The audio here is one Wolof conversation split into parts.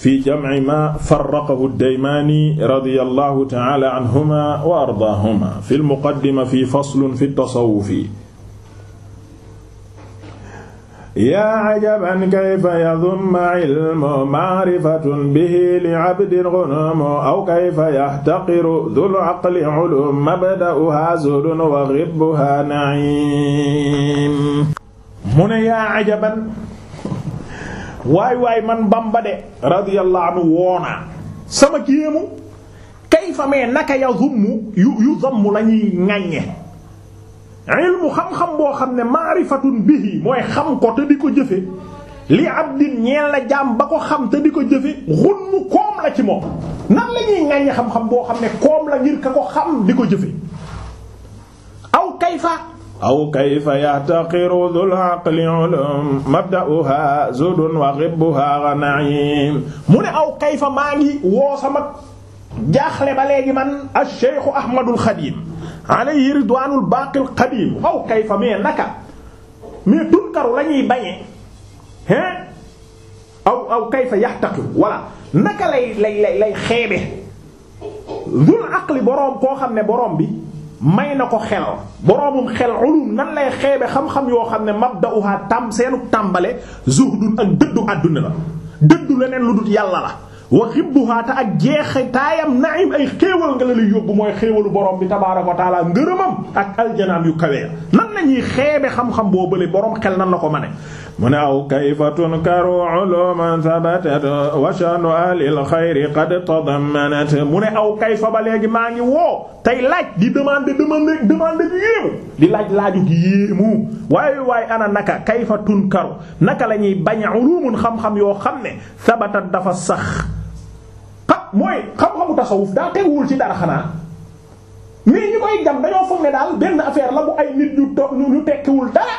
fi jam'i ma farraqahu ad-Daymaani radiyallahu ta'ala anhuma wa ardaahuma fil muqaddima fi faslun fi tasawwufi yaa ajaban kayfa yadumma ilmu maarifatun bihi li abdin xunumu aw kayfa yaxtaqiru dul aqli ulum mabda'uha zulun wa ghibbuha na'iim mu ne yaa ajaban waay waay man Bamba de radiyallahu anhu woonaa sama kéemu kayfa mee naka ya zumm yu yu lañuy la ñuy ŋàññe ilmu xam-xam boo xam ne maarifatun bihi mooy xam ko te di ko jëfe li abdin ñeel la jaam ba ko xam te di ko jëfe xun mu koom la ci moom nan la ñuy xam-xam boo xam ne koom la ngir ka ko xam di ko jëfe aw kayfa aw kayfa yahtaqiru dhul aqli ulum mabda'uha zudun wa ghibbuha na'im mu ne aw kayfa maa ngi woo sama jaaxle ba léegi man ash-shaykhu Ahmadul Xadim alayhi ridwaanul baaqil qadim aw kayfa mais naka mais tunkaru la ñuy bañee hein aw aw kayfa yaxtaqi walla naka lay lay lay lay xeebe dul aqli boroom koo xam ne boroom bi may na ko xel boroomum xel ulum nan lay xeebe xam-xam yoo xam ne mabda'uha tam seenu tàmbale zuhdun ak dëddu àdduna la dëddu leneen lu dut yàlla la wa xibbuha te ak jeexe taayam naim ay xéewal nga la yóbbu mooy xéewalu borom bi tabaaraka wa taala ngërëmam ak aljanaam yu kawee nañuy xeebe boo bële borom xel nan la ko mane mu ne aw kayfa tunkaru mu ne aw kayfa maa ngi woo tey laaj di demande demande laaj gi yéemu waaye waaye naka kayfa tunkaru naka la ñuy bañ ulumun xam-xam yoo xam ne sabatat dafa sax xa mooy tasawuf daa teewul ci dara xanaa mais ñu koy jam dañoo foog daal benn affaire la bu ay nit ñu do ñu tekkiwul dara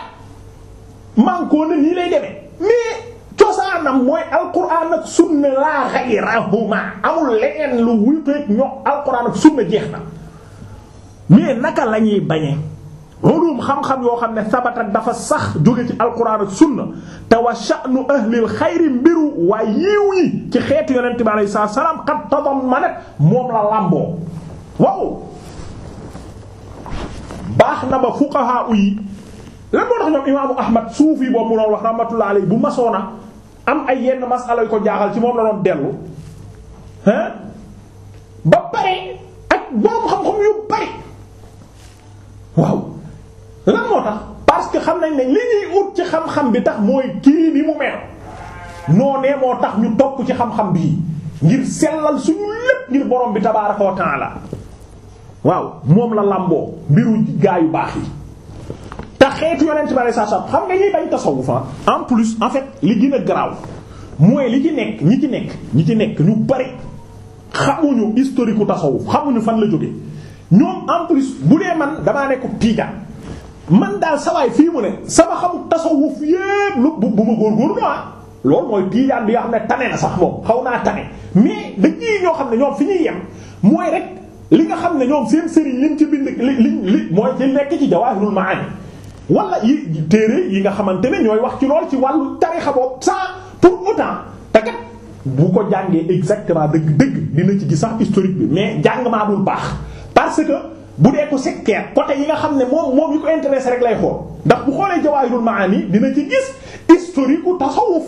mànkoo na nii lay demee mais cosaanam mooy alquran ak sunna jeex na mais naka la ñuy bañee ulum xam-xam yoo xam ne sabata dafa sax jóge ci alquran ak sunna te wa sha'nu ahlil xayri mbiru waa yiiw yi ci xeetu yonente bi alayhi salaam qad tadammanat moom la làmboo waaw baax na ba fuqaha yi lan moo tax ñoom imaamu ahmad suufi boobu mu doon wax rahmatullah alayhi bu am ay yenn masala yu ko jaaxal ci moom la doon dellu hein ba pare ak borom xam-xam yu bari waaw lan moo tax parce que xam nañ ne ci xam bi tax mooy kii ni mu mel noonee moo tax ñu topp ci xam-xam bii ngir sellal suñu lépp ngir borom bi tabaaraka wa ta'ala waaw moom la làmboo mbiru gaa yu baax yi te xeetu yonent ba saa saa xam nga ñuy bañ tasawuf ah, en plus en fait li gën a garaaw mooy li ci nekk ñi ci nekk ñi ci nekk ñu bari xamuñu historique tasawuf xamuñu fan la jóge ñoom en plus bu dee man damaa nekk tiijaan man daal sawaay fii mu ne sama xamut tasawuf yépp lu bu bu ma góorgóorlu ah loolu mooy tiijaan bi nga xam ne tane na sax moom xaw naa tane mais dañuy ñoo xam ne ñoom fi ñuy yem mooy rek. li nga xam ne ñoom seen sëriñ lim ci bind li li li mooy ci nekk ci jawaahirul maani wala yi téere yi nga xamante ne ñooy wax ci lool ci wàllu tarixa boobu sans pour autant te bu ko jàngee exactement dëgg-dëgg dina ci gis sax historique bi mais jàng maa baax parce que bu dee ko sectaire côté yi nga xam ne moom moom yi ko intéressé rek lay xool ndax bu xoolee jawaahirul maani dina ci gis historique u tasawuf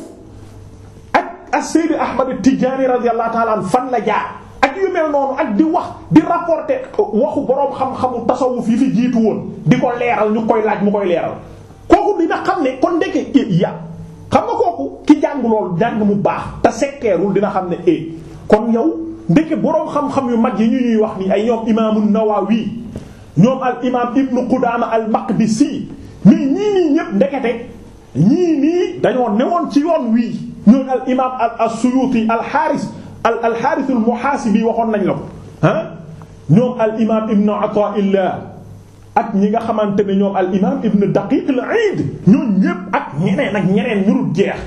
ak as-Sayyid Ahmad Tijaani radiyallahu ta'ala fan la jaar ak yu mel noonu ak di wax di rapporter waxu boroom xam-xamu tasawuf yi fi jiitu woon di ko leeral ñu koy laaj mu koy leeral kooku dina xam ne kon ndeke e, ya xam nga kooku ki jàng loolu jàng mu baax te sekkeerul dina xam ne e kon yow ndeke boroom xam-xam yu mag yi ñu ñuy wax ni ay ñoom imaamu Nawawi ñoom al imaam Ibnu Qudaama al Maqdisi mais ñii nii ñépp ndekete ñii nii dañoo newoon ci yoon wii ñoom al imaam al Suyuti al Haris al al xaarisul muhaasibi waxoon nañ la ko ah ñoom al imaam ibn Ataa'illah ak ñi nga xamante ne ñoom al imaam ibn Daqiiq al-Iid ñoom ñépp ak ñeneen ak ñeneen ñu dul jeex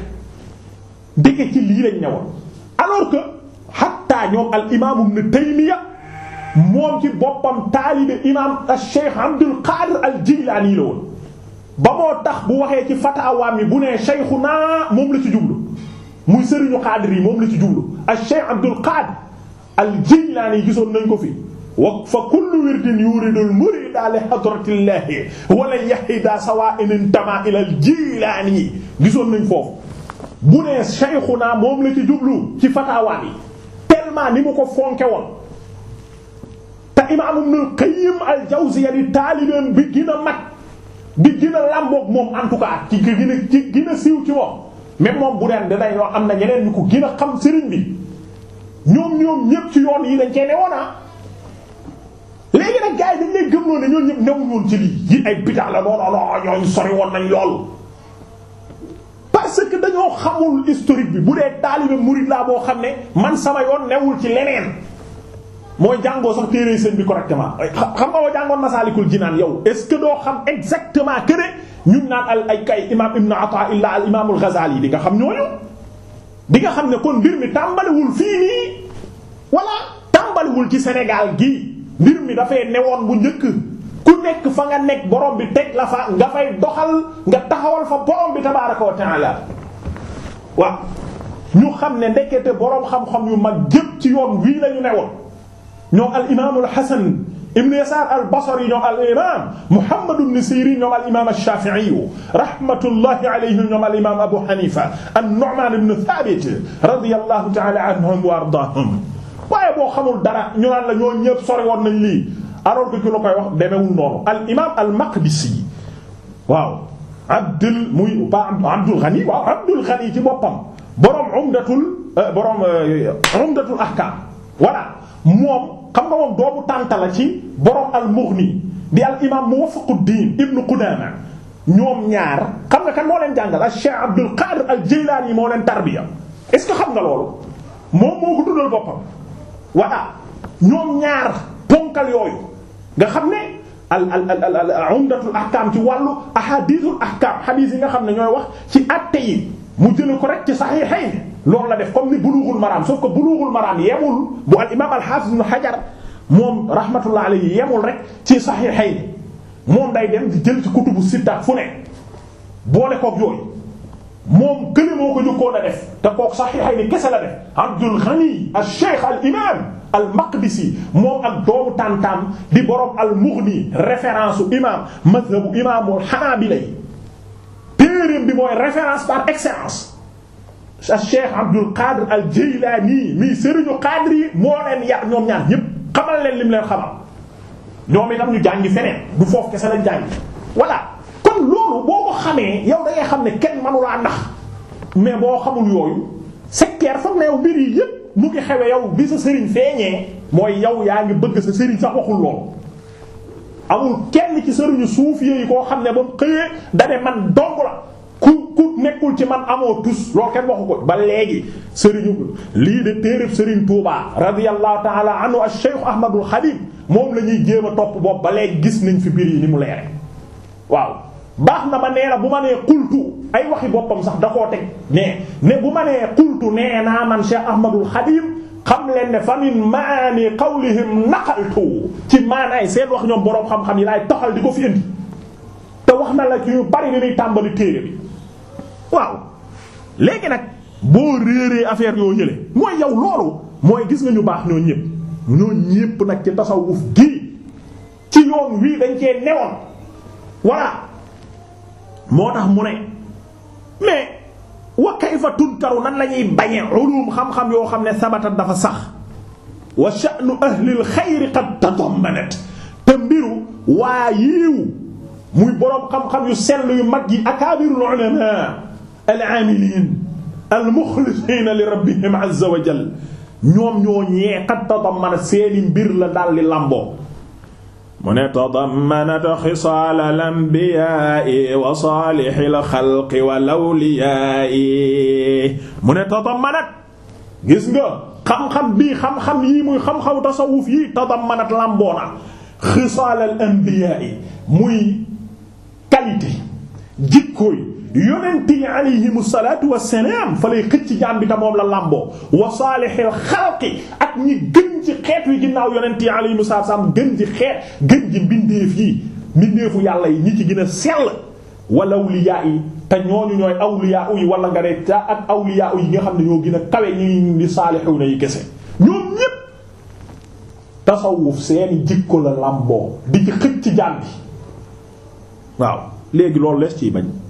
dëgg ci lii lañ ñëwoon alors que hatta ñoom al imaam ibn Taymiyya moom ci boppam taalibe imaam al-Cheikh Abdul Qaadir al-Jilaani la woon ba moo tax bu waxee ci fataawaam yi bu nee Cheikhuna moom la ci jublu. muy sëriñu xaadir yi moom la ci jublu al Cheikh Abdul Qaadir al Jaylaani gisoon nañ ko fi wa fa kullu wirdin yuridul murida li hadratillahi wala yahida sawa'in intama ila al Jaylaani gisoon nañ foofu bu nee Cheikhuna moom la ci jublu ci fatawaa bi tellement ni mu ko fonke woon te imaam Ibnul Qayyim al Jawziyya di taalibeem bi gën a mag bi gën a làmboog moom en tout cas ci gën a ci gën a siiw ci moom même moom bu deen danañ wax am na ñeneen ñu ko gën a xam sëriñ bi ñoom ñoom ñépp ci yoon yi dañ cee newoon ah léegi nag gars yi dañ lay gëmloo ne ñépp newuñ woon ci lii yi ay bid'a la lool lool ñooñ sori woon nañ lool parce que dañoo xamul historique bi bu dee taalibe murid laa boo xam ne man sama yoon newul ci leneen mooy jàngoo sax téere seen bi correctement xam nga wa jàngoon Masaalikul Jinaan yow est ce que doo xam exactement que ne ñun naan al ay kay imaam Ibn Ataa'illah al imaamul Ghazali di nga xam ñooñu di nga xam ne kon mbir mi tàmbaliwul fii nii walla tàmbaliwul ci senegal gii mbir mi dafay newoon bu njëkk ku nekk fa nga nekk boroom bi teg la fa nga fay doxal nga taxawal fa borom bi tabaaraka wa ta'ala waaw ñu xam ne ndekete boroom xam-xam yu mag jëpp ci yoon wii lañu newoon. ñoom al imaam al Hasan ibn Yasaar al Basri ñoom al imaam Muhammad ibn Sirin ñoom al imaam Shaafi'i rahmatullahi alayhi ñoom al imaam Abu Hanifa an-Nu'man ibn Thabit radiyallahu ta'ala anhum wa ardaahum waaye boo xamul dara ñu naan la ñoo ñëpp sori woon nañ lii alors que ki la koy wax demewul noonu al imaam al Maqdisi waaw Abdul muy ba Abdul Ghani waaw Abdul Ghani ci boppam borom Umdatul euh, borom euh, Umdatul Ahkam voilà moom xam nga moom doomu tànta la ci borom al-Mughni di al imaam Muwafaquddin ibn Qudaama ñoom ñaar kam nga kan moo leen jàngal ak Cheikh Abdul Qadir al-Jilani moo leen tarbiya est-ce que xam nga loolu moom moo ko dundal boppam voilà ñoom ñaar ponkal yooyu nga xam ne al al al al umdatul ahkam ci wàllu ahadithul ahkam hadith yi nga xam ne ñooy wax ci àtte yi mu jël ko rek ci saxiixayn loolu la def comme ni bulughul maram sauf que bulughul maram yemul bu al imam al hafiz ibn hajar moom rahmatullah yemul rek ci sahihayn moom day dem di jël ci kutubu sitta fu ne boole koog yooyu moom kële moo ko jëkkoon a def te kook sahihayn kese la def abdul ghani al cheikh al imam al maqdisi moom ak doomu tàntaam di borom al mughni référence u imam madhabu imamul hanabila téereem bi mooy référence par excellence Cheikh Abdul Qadir al Jilani mii sëriñu Qadir yi moo leen yar ñoom ñaan ñépp xamal leen lim leen xamal ñoom itam ñu jàngi feneen du foofu kese lañ jàngi voilà kon loolu boo xamee yow da ngay xam ne kenn manulaa ndax mais boo xamul yooyu secteur foog na yow mbir yi yépp mu ngi xewe yow bi sa sëriñ feeñee mooy yow yaa ngi bëgg sa sëriñ sax waxul loolu amul kenn ci sëriñu suuf yi koo xam ne ba mu xëyee da ne man dong la nekkul ci man amoo tus loolu kenn waxu ko ba léegi sëriñu lii de téeréb sëriñ Touba radiyallahu ta'ala anhu ash-Shaykh Ahmadul Khadim moom la ñuy jéem a topp bopp ba léegi gis nañ fi biir yi ni mu leere waaw baax na ba nee na bu ma nee xultu ay waxi boppam sax da koo teg mais ne bu ma nee xultu nee naa man Cheikh Ahmadul Khadim xam leen ne fa min maani qawlihim naqaltu ci maanaay seen wax ñoom boroom xam-xam yi laay toxal di ko fi indi te wax na la ci ñu bari tàmbali téere bi waaw léegi nag boo réeree affaire yoo yële mooy yow loolu mooy gis nga ñu baax ñoo ñëpp ñoo ñëpp nag ci tasawuf gi ci yoon wii dañ cee newoon voilà moo tax mu ne mais wa kayfa tunkaru nan la ñuy bañee ulum xam-xam yoo xam ne sabatat dafa sax wa sha'nu ahlil xayri qad tadammanat te mbiru waa yiiw muy boroom xam-xam yu sell yu mag yi akaabirul ulama al-aamiliin al-muxlisiina li rabbihim azza wa jal ñoom ñoo ñee qad tadammana seeni mbir la daal di lamboo. mu ne tadammanat xisaal al-anbiyaa wa saalihil xalqi wal awliyaa mu ne tadammanat gis nga xam-xam bii xam-xam yii muy xam-xamu tasawuf yii tadammanat lamboo na xisaal al-anbiyaa muy qualité jikkooy yonent yi alayhimu salaatu wassalaam fa lay xëcc jaam bi ta moom la làmboo wa saalihil xalqi ak ñi gën xeet wi ginnaaw yonent yi alayhimu gën ci gën ci mbindeef yi mbindeefu yàlla yi ñi ci gën a sell walaw liyaa yi te ñooñu ñooy awliyaa yi wala nga dee ta ak awliyaa yi nga xam ne ñoo gën a kawe ñi di saalixuuna yi kese ñoom ñépp tasawuf seeni jikko la làmboo di ci xëcc jaam bi waaw léegi loolu lees ciy bañ